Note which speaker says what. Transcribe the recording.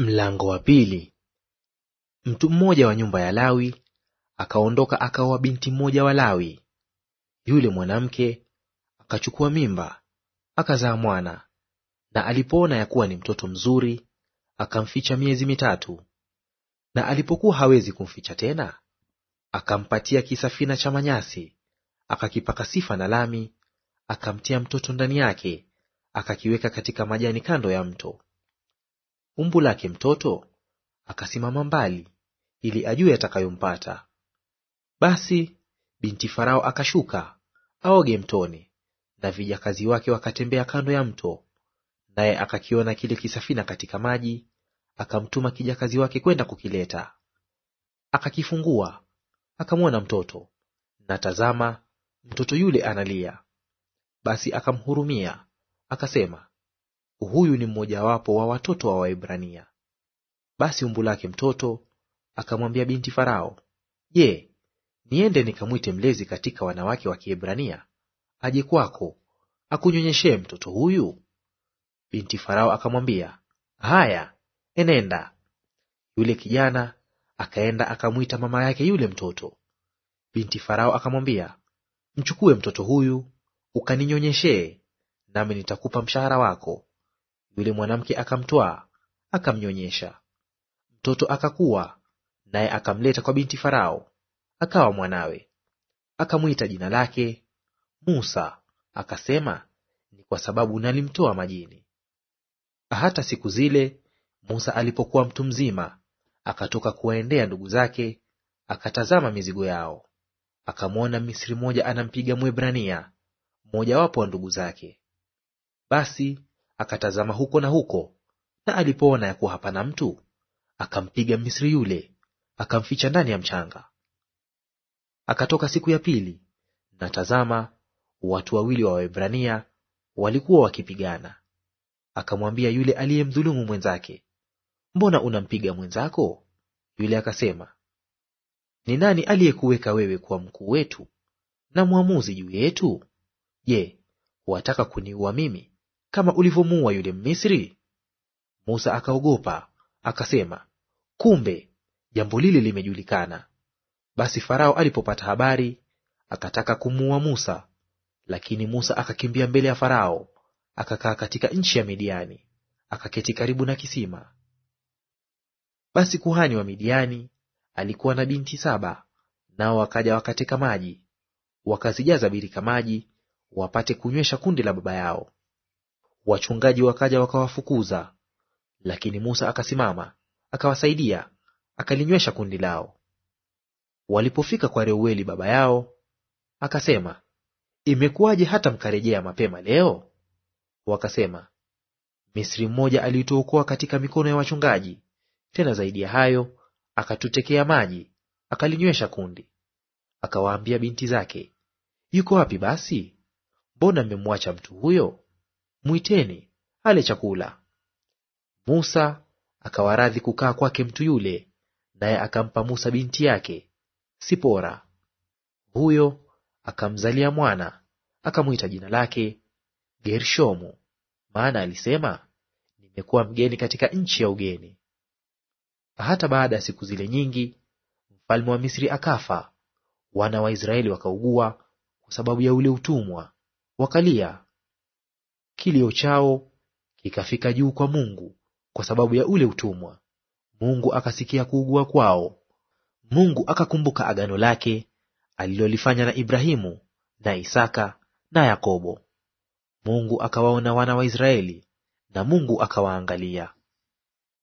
Speaker 1: Mlango wa pili. Mtu mmoja wa nyumba ya Lawi akaondoka akaoa binti mmoja wa Lawi. Yule mwanamke akachukua mimba akazaa mwana, na alipoona ya kuwa ni mtoto mzuri akamficha miezi mitatu. Na alipokuwa hawezi kumficha tena, akampatia kisafina cha manyasi, akakipaka sifa na lami, akamtia mtoto ndani yake, akakiweka katika majani kando ya mto umbu lake mtoto, akasimama mbali ili ajue atakayompata. Basi binti Farao akashuka aoge mtoni, na vijakazi wake wakatembea kando ya mto, naye akakiona kile kisafina katika maji, akamtuma kijakazi wake kwenda kukileta. Akakifungua akamwona mtoto, na tazama, mtoto yule analia. Basi akamhurumia, akasema, Huyu ni mmojawapo wa watoto wa Waebrania. Basi umbu lake mtoto akamwambia binti Farao, Je, niende nikamwite mlezi katika wanawake wa Kiebrania aje kwako akunyonyeshee mtoto huyu? Binti Farao akamwambia, Haya, enenda. Yule kijana akaenda akamwita mama yake yule mtoto. Binti Farao akamwambia, mchukue mtoto huyu ukaninyonyeshee, nami nitakupa mshahara wako. Yule mwanamke akamtwaa akamnyonyesha. Mtoto akakuwa, naye akamleta kwa binti Farao, akawa mwanawe. Akamwita jina lake Musa, akasema, ni kwa sababu nalimtoa majini. Hata siku zile Musa alipokuwa mtu mzima, akatoka kuwaendea ndugu zake, akatazama mizigo yao. Akamwona Misri mmoja anampiga Mwebrania, mmojawapo wa ndugu zake. Basi akatazama huko na huko, na alipoona ya kuwa hapana mtu, akampiga Misri yule, akamficha ndani ya mchanga. Akatoka siku ya pili, na tazama, watu wawili wa Waebrania walikuwa wakipigana. Akamwambia yule aliyemdhulumu mwenzake, mbona unampiga mwenzako? Yule akasema, ni nani aliyekuweka wewe kuwa mkuu wetu na mwamuzi juu yetu? Je, wataka kuniua mimi kama ulivyomuua yule Mmisri? Musa akaogopa akasema, kumbe jambo lile limejulikana. Basi Farao alipopata habari, akataka kumuua Musa, lakini Musa akakimbia mbele ya Farao, akakaa katika nchi ya Midiani, akaketi karibu na kisima. Basi kuhani wa Midiani alikuwa na binti saba, nao wakaja wakateka maji, wakazijaza birika maji, wapate kunywesha kundi la baba yao wachungaji wakaja wakawafukuza. Lakini Musa akasimama akawasaidia, akalinywesha kundi lao. Walipofika kwa Reueli baba yao, akasema, imekuwaje hata mkarejea mapema leo? Wakasema, Misri mmoja alituokoa katika mikono ya wachungaji, tena zaidi ya hayo akatutekea maji, akalinywesha kundi. Akawaambia binti zake, yuko wapi basi? Mbona mmemwacha mtu huyo? mwiteni ale chakula. Musa akawaradhi kukaa kwake mtu yule, naye akampa Musa binti yake Sipora. Huyo akamzalia mwana, akamwita jina lake Gershomu, maana alisema, nimekuwa mgeni katika nchi ya ugeni. Hata baada ya siku zile nyingi, mfalme wa Misri akafa, wana wa Israeli wakaugua kwa sababu ya ule utumwa, wakalia kilio chao kikafika juu kwa Mungu kwa sababu ya ule utumwa. Mungu akasikia kuugua kwao. Mungu akakumbuka agano lake alilolifanya na Ibrahimu na Isaka na Yakobo. Mungu akawaona wana wa Israeli na Mungu akawaangalia.